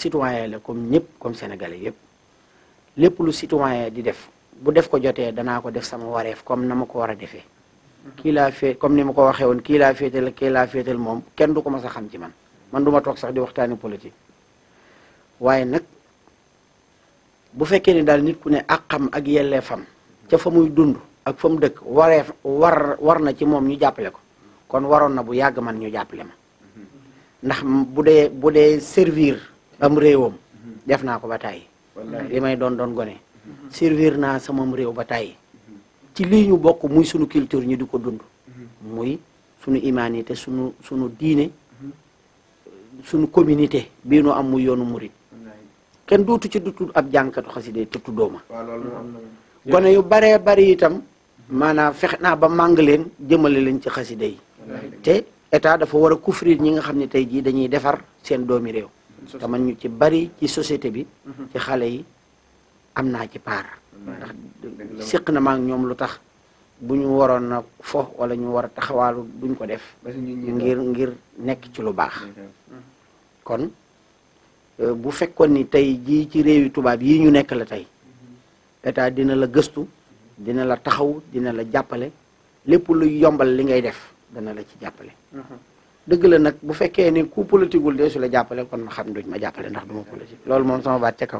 citoyen la comme ñëpp comme sénégalais yëpp lépp lu citoyen di def bu def ko jotee danaa ko def sama wareef comme na ma ko war a defee kii laa fee comme ni ma ko waxee woon kii laa féetal laa féetal moom kenn du ko mas a xam ci man man du toog sax di waxtaani politique waaye nag bu fekkee ni daal nit ku ne ak xam ak yelleefam ca fa muy dund ak fa mu dëkk wareef war war na ci moom ñu jàppale ko kon waroon na bu yàgg man ñu jàppale ma ndax bu dee servir am réewam def naa ko ba tàyyi li may doon doon gone servir naa samam réew ba tàyyi ci lii ñu bokk muy sunu culture ñu di ko dund muy sunu humanité sunu sunu diine sunu communité bii nu am muy yoonu murit kenn dootu ci du tudd ab jànkatu xaside te tuddoo ma gone yu baree bari itam maanaam fexe naa ba màng leen jëmale leen ci xaside yi te état dafa war a couvrir ñi nga xam ne tey jii dañuy defar seen doomi réew te man ñu ci bari ci société bi mhm. ci xale yi am naa ci paar ndax séq na maa ak ñoom lu tax bu ñu waroon a fo wala ñu war a taxawaalu duñ ko def ngir ngir nekk ci lu baax mhm. kon euh, bu fekkoon ni tey jii ci réewi tubaab yii ñu nekk la tey mhm. état dina la gëstu dina la taxaw dina la jàppale lépp lu yombal li ngay def dana la ci jàppale dëgg la nag bu fekkee ni ku politique wul dee su la jàppale kon ma xam duñ ma jàppale ndax du ma loolu moom sama baat ca